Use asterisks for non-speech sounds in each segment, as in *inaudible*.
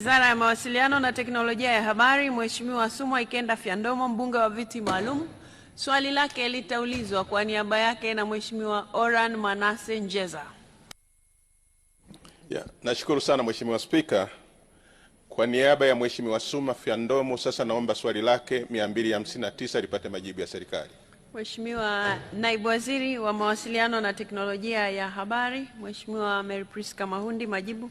Wizara ya Mawasiliano na Teknolojia ya Habari, Mheshimiwa Sumwa Ikenda Fyandomo, mbunge wa viti maalum, swali lake litaulizwa kwa niaba yake na Mheshimiwa Oran Manase Njeza. Yeah, nashukuru sana Mheshimiwa Spika. Kwa niaba ya Mheshimiwa suma Fyandomo, sasa naomba swali lake 259 lipate majibu ya serikali. Mheshimiwa Naibu Waziri wa Mawasiliano na Teknolojia ya Habari, Mheshimiwa Mary Priska Mahundi, majibu.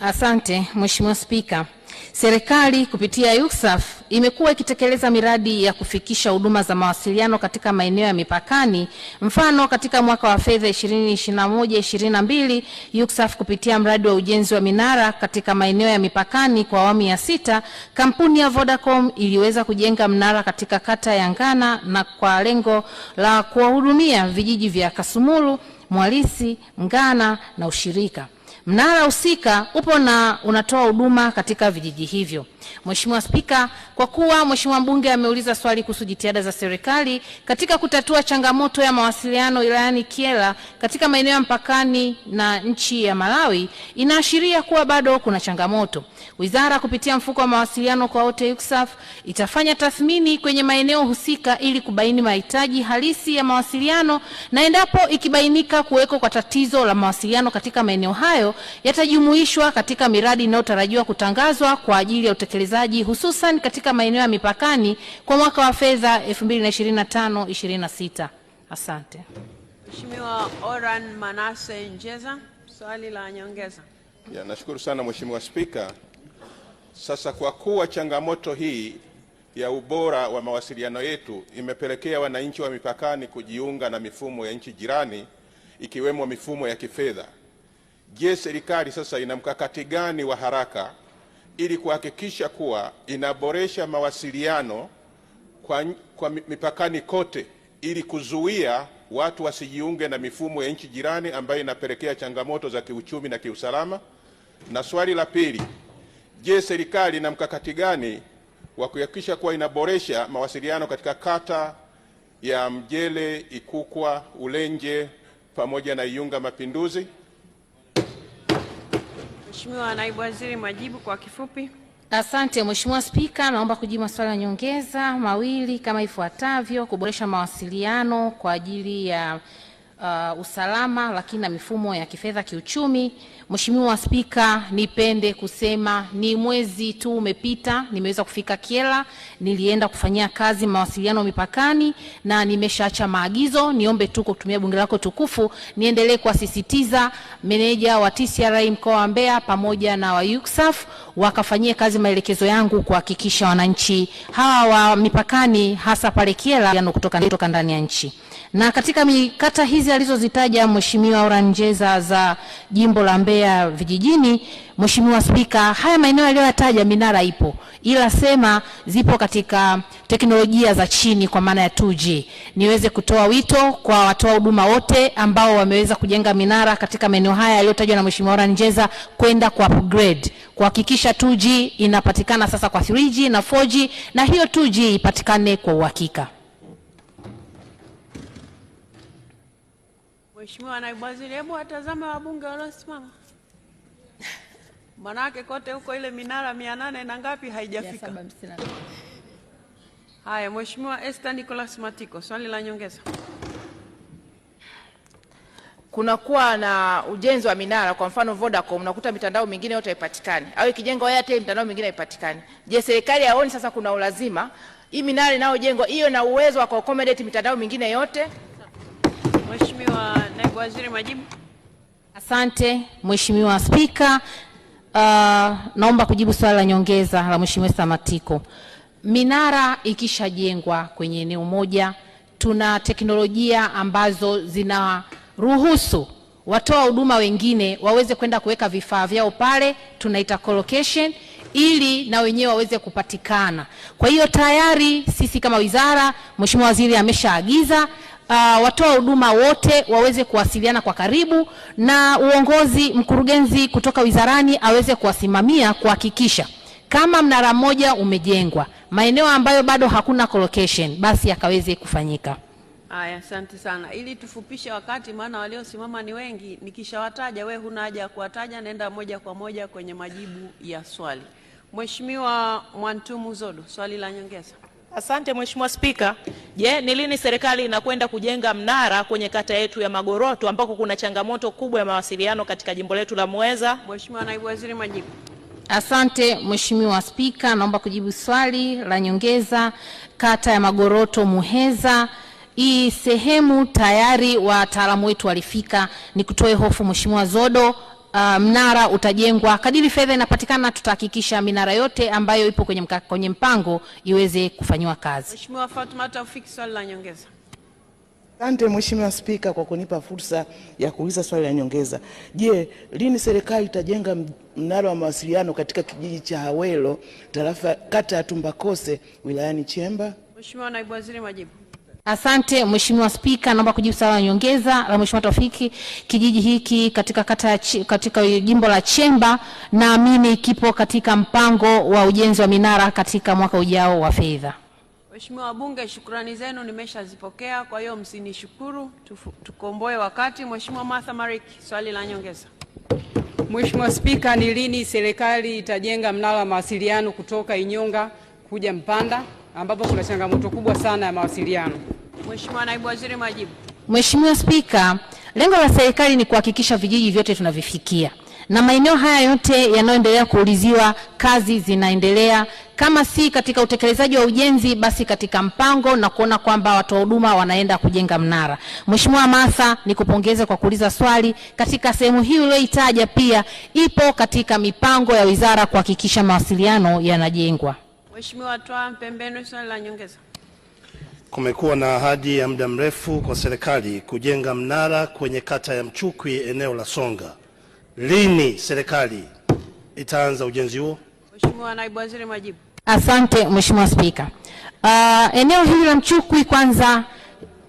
Asante Mheshimiwa Spika. Serikali kupitia UCSAF imekuwa ikitekeleza miradi ya kufikisha huduma za mawasiliano katika maeneo ya mipakani. Mfano, katika mwaka wa fedha 2021/2022 UCSAF kupitia mradi wa ujenzi wa minara katika maeneo ya mipakani kwa awamu ya sita, kampuni ya Vodacom iliweza kujenga mnara katika kata ya Ngana na kwa lengo la kuwahudumia vijiji vya Kasumulu, Mwalisi, Ngana na ushirika Mnara husika upo na unatoa huduma katika vijiji hivyo. Mheshimiwa Spika, kwa kuwa Mheshimiwa mbunge ameuliza swali kuhusu jitihada za serikali katika kutatua changamoto ya mawasiliano wilayani Kyela katika maeneo ya mpakani na nchi ya Malawi, inaashiria kuwa bado kuna changamoto. Wizara kupitia mfuko wa mawasiliano kwa wote UCSAF itafanya tathmini kwenye maeneo husika ili kubaini mahitaji halisi ya mawasiliano, na endapo ikibainika kuweko kwa tatizo la mawasiliano katika maeneo hayo yatajumuishwa katika miradi inayotarajiwa kutangazwa kwa ajili ya utekelezaji hususan katika maeneo ya mipakani kwa mwaka wa fedha 2025-26. Asante. Mheshimiwa Oran Manase Njeza, swali la nyongeza. Ya, nashukuru sana Mheshimiwa Spika. Sasa kwa kuwa changamoto hii ya ubora wa mawasiliano yetu imepelekea wananchi wa mipakani kujiunga na mifumo ya nchi jirani ikiwemo mifumo ya kifedha, Je, serikali sasa ina mkakati gani wa haraka ili kuhakikisha kuwa inaboresha mawasiliano kwa, kwa mipakani kote ili kuzuia watu wasijiunge na mifumo ya nchi jirani ambayo inapelekea changamoto za kiuchumi na kiusalama? Na swali la pili, je, serikali ina mkakati gani wa kuhakikisha kuwa inaboresha mawasiliano katika kata ya Mjele, Ikukwa, Ulenje pamoja na Iunga Mapinduzi Mheshimiwa Naibu Waziri majibu kwa kifupi. Asante Mheshimiwa Spika, naomba kujibu maswali ya nyongeza mawili kama ifuatavyo: kuboresha mawasiliano kwa ajili ya uh, usalama lakini na mifumo ya kifedha kiuchumi. Mheshimiwa Spika, nipende kusema ni mwezi tu umepita, nimeweza kufika Kyela, nilienda kufanyia kazi mawasiliano mipakani na nimeshaacha maagizo. Niombe tu kutumia bunge lako tukufu niendelee kuwasisitiza meneja wa TCRA mkoa wa Mbeya pamoja na wa UCSAF wakafanyie kazi maelekezo yangu kuhakikisha wananchi hawa wa mipakani hasa pale Kyela kutoka ndani ya nchi. Na katika mikata hizi alizozitaja Mheshimiwa Oranjeza za jimbo la Mbeya vijijini, Mheshimiwa Spika, haya maeneo aliyoyataja minara ipo, ila sema zipo katika teknolojia za chini kwa maana ya 2G. Niweze kutoa wito kwa watoa huduma wote ambao wameweza kujenga minara katika maeneo haya yaliyotajwa na Mheshimiwa Oranjeza kwenda kwa upgrade, kuhakikisha 2G inapatikana sasa kwa 3G na 4G na hiyo 2G ipatikane kwa uhakika. Mheshimiwa Naibu Waziri, hebu watazame wabunge waliosimama, *laughs* manake kote huko ile minara mia nane na ngapi haijafika. Haya, Mheshimiwa Esther Nicholas Matiko, swali la nyongeza. Kunakuwa na ujenzi wa minara, kwa mfano Vodacom, unakuta mitandao mingine yote haipatikani, au ikijengwa Airtel mitandao mingine haipatikani. Je, serikali haoni sasa kuna ulazima hii minara inayojengwa hiyo na uwezo wa kuaccommodate mitandao mingine yote? Mheshimiwa Naibu Waziri, majibu. Asante Mheshimiwa Spika. Uh, naomba kujibu swali la nyongeza la Mheshimiwa Samatiko. Minara ikishajengwa kwenye eneo moja, tuna teknolojia ambazo zinaruhusu watoa huduma wengine waweze kwenda kuweka vifaa vyao pale, tunaita colocation, ili na wenyewe waweze kupatikana. Kwa hiyo tayari sisi kama wizara, Mheshimiwa Waziri ameshaagiza uh, watoa huduma wote waweze kuwasiliana kwa karibu na uongozi, mkurugenzi kutoka wizarani aweze kuwasimamia kuhakikisha kama mnara mmoja umejengwa maeneo ambayo bado hakuna collocation basi yakaweze kufanyika. Haya, asante sana. Ili tufupishe wakati, maana waliosimama ni wengi, nikishawataja we huna haja ya kuwataja, naenda moja kwa moja kwenye majibu ya swali. Mheshimiwa Mwantumu Zodo, swali la nyongeza. Asante Mheshimiwa Spika. Je, ni lini serikali inakwenda kujenga mnara kwenye kata yetu ya Magoroto ambako kuna changamoto kubwa ya mawasiliano katika jimbo letu la mweza Mheshimiwa Naibu Waziri, majibu. Asante Mheshimiwa Spika, naomba kujibu swali la nyongeza. Kata ya Magoroto Muheza, hii sehemu tayari wataalamu wetu walifika. Nikutoe hofu Mheshimiwa Zodo, uh, mnara utajengwa kadiri fedha inapatikana. Tutahakikisha minara yote ambayo ipo kwenye, mka, kwenye mpango iweze kufanyiwa kazi. Mheshimiwa Fatuma Taufiki, swali la nyongeza. Asante Mheshimiwa Spika kwa kunipa fursa ya kuuliza swali la nyongeza. Je, lini serikali itajenga mnara wa mawasiliano katika kijiji cha Hawelo tarafa kata ya Tumbakose wilayani Chemba? Mheshimiwa Naibu Waziri, majibu. Asante Mheshimiwa Spika, naomba kujibu swali la nyongeza la Mheshimiwa Tofiki. Kijiji hiki katika kata katika jimbo la Chemba naamini kipo katika mpango wa ujenzi wa minara katika mwaka ujao wa fedha. Mheshimiwa wabunge, shukrani zenu nimeshazipokea, kwa hiyo msinishukuru, tukomboe wakati. Mheshimiwa Martha Mariki, swali la nyongeza. Mheshimiwa Spika, ni lini serikali itajenga mnara wa mawasiliano kutoka Inyonga kuja Mpanda ambapo kuna changamoto kubwa sana ya mawasiliano? Mheshimiwa Naibu Waziri, majibu. Mheshimiwa Spika, lengo la serikali ni kuhakikisha vijiji vyote tunavifikia na maeneo haya yote yanayoendelea kuuliziwa kazi zinaendelea, kama si katika utekelezaji wa ujenzi, basi katika mpango na kuona kwamba watoa huduma wanaenda kujenga mnara. Mheshimiwa Masa, nikupongeze kwa kuuliza swali katika sehemu hii uliyoitaja, pia ipo katika mipango ya wizara kuhakikisha mawasiliano yanajengwa. Mheshimiwa Toa Mpembeni, swali la nyongeza. Kumekuwa na ahadi ya muda mrefu kwa serikali kujenga mnara kwenye kata ya Mchukwi eneo la Songa. Lini serikali itaanza ujenzi huo? Mheshimiwa Naibu Waziri, majibu. Asante Mheshimiwa Spika. Uh, eneo hili la Mchukwi kwanza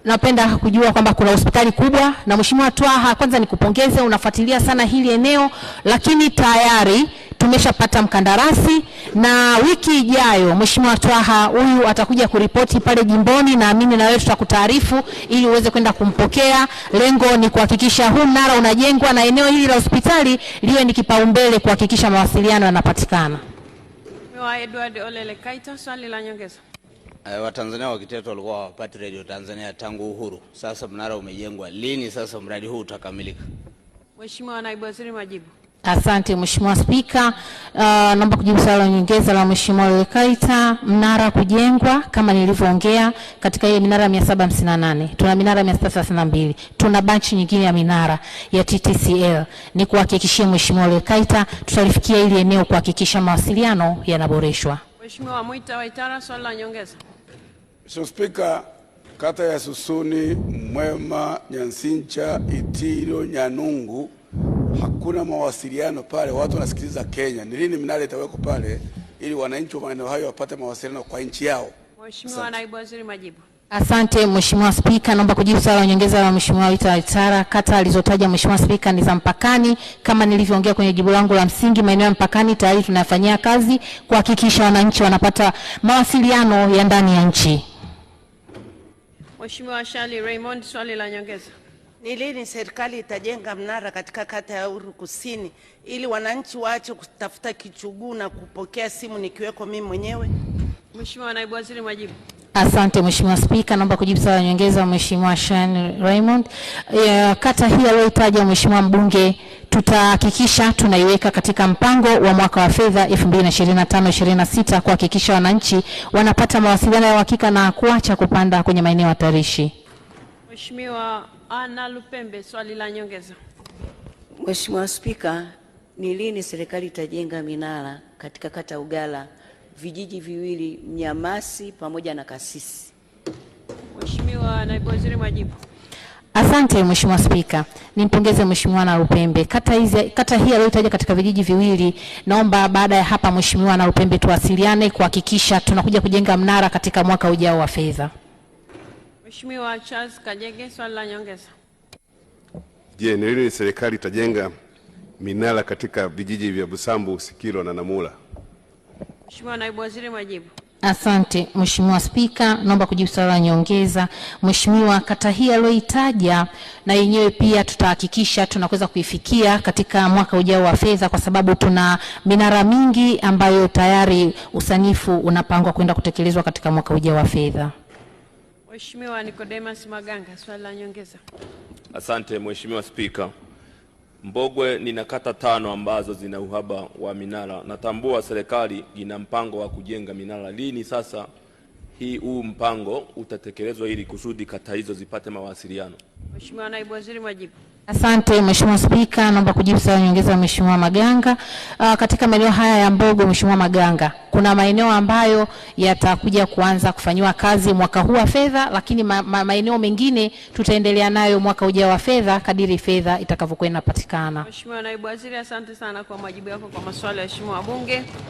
napenda kujua kwamba kuna hospitali kubwa na Mheshimiwa Twaha, kwanza nikupongeze, unafuatilia sana hili eneo, lakini tayari tumeshapata mkandarasi na wiki ijayo Mheshimiwa Twaha huyu atakuja kuripoti pale jimboni, na mimi na wewe tutakutaarifu ili uweze kwenda kumpokea. Lengo ni kuhakikisha huu mnara unajengwa na eneo hili la hospitali liwe ni kipaumbele kuhakikisha mawasiliano yanapatikana. Mheshimiwa Edward Olele Kaita, swali la nyongeza. Eh, Watanzania wa Kiteto walikuwa hawapati redio Tanzania tangu uhuru. Sasa mnara umejengwa, lini sasa mradi huu utakamilika? Mheshimiwa Naibu Waziri, majibu. Asante Mheshimiwa Spika. Uh, naomba kujibu swali la nyongeza la Mheshimiwa Lekaita, mnara kujengwa kama nilivyoongea katika ile minara 758. Tuna minara 632. Tuna banchi nyingine ya minara ya TTCL. Ni kuhakikishia Mheshimiwa Lekaita tutalifikia ili eneo kuhakikisha mawasiliano yanaboreshwa. Mheshimiwa Mwita Waitara, swali la nyongeza. Mheshimiwa Spika, kata ya Susuni, Mwema, Nyansincha, Itiro, Nyanungu hakuna mawasiliano pale, watu wanasikiliza Kenya. Ni lini mnaleta weko pale ili wananchi wa maeneo hayo wapate mawasiliano kwa nchi yao? Mheshimiwa Naibu Waziri, majibu. Asante Mheshimiwa Spika, naomba kujibu swali la nyongeza la Mheshimiwa Wita Waitara. Kata alizotaja Mheshimiwa Spika ni za mpakani. Kama nilivyoongea kwenye jibu langu la msingi, maeneo ya mpakani tayari tunayafanyia kazi kuhakikisha wananchi wanapata mawasiliano ya ndani ya nchi. Mheshimiwa Shali Raymond, swali la nyongeza. Ni lini serikali itajenga mnara katika kata ya uru Kusini ili wananchi waache kutafuta kichuguu na kupokea simu nikiweko mimi mwenyewe? Mheshimiwa Naibu Waziri, majibu. Asante Mheshimiwa Spika, naomba kujibu swali la nyongeza Mheshimiwa Shan Raymond. E, kata hii aliyoitaja Mheshimiwa mbunge tutahakikisha tunaiweka katika mpango wa mwaka wa fedha 2025/26 kuhakikisha wananchi wanapata mawasiliano ya uhakika na kuacha kupanda kwenye maeneo hatarishi. Mheshimiwa ana Lupembe, swali la nyongeza. Mheshimiwa Spika, ni lini serikali itajenga minara katika kata Ugala vijiji viwili Mnyamasi pamoja na Kasisi? Mheshimiwa Naibu Waziri majibu. Asante Mheshimiwa Spika, nimpongeze Mheshimiwa Upembe. Kata hizi kata hii aliyotaja katika vijiji viwili, naomba baada ya hapa Mheshimiwa Upembe tuwasiliane kuhakikisha tunakuja kujenga mnara katika mwaka ujao wa fedha. Mheshimiwa Charles Kajege, swali la nyongeza. Je, ni lini serikali itajenga minara katika vijiji vya Busambu, sikilo na Namula? Mheshimiwa Naibu Waziri, majibu. Asante Mheshimiwa Spika, naomba kujibu swali la nyongeza. Mheshimiwa, kata hii aliyoitaja na yenyewe pia tutahakikisha tunaweza kuifikia katika mwaka ujao wa fedha, kwa sababu tuna minara mingi ambayo tayari usanifu unapangwa kwenda kutekelezwa katika mwaka ujao wa fedha. Mheshimiwa Nicodemus Maganga, swali la nyongeza. Asante Mheshimiwa Spika. Mbogwe nina kata tano ambazo zina uhaba wa minara. Natambua serikali ina mpango wa kujenga minara. Lini sasa hii huu mpango utatekelezwa ili kusudi kata hizo zipate mawasiliano? Mheshimiwa Naibu Waziri, majibu. Asante Mheshimiwa Spika, naomba kujibu swali nyongeza Mheshimiwa Maganga. Uh, katika maeneo haya ya Mbogo, Mheshimiwa Maganga, kuna maeneo ambayo yatakuja kuanza kufanyiwa kazi mwaka huu wa fedha, lakini ma ma maeneo mengine tutaendelea nayo mwaka ujao wa fedha kadiri fedha itakavyokuwa inapatikana. Mheshimiwa Naibu Waziri, asante sana kwa majibu yako kwa maswali ya Mheshimiwa wabunge.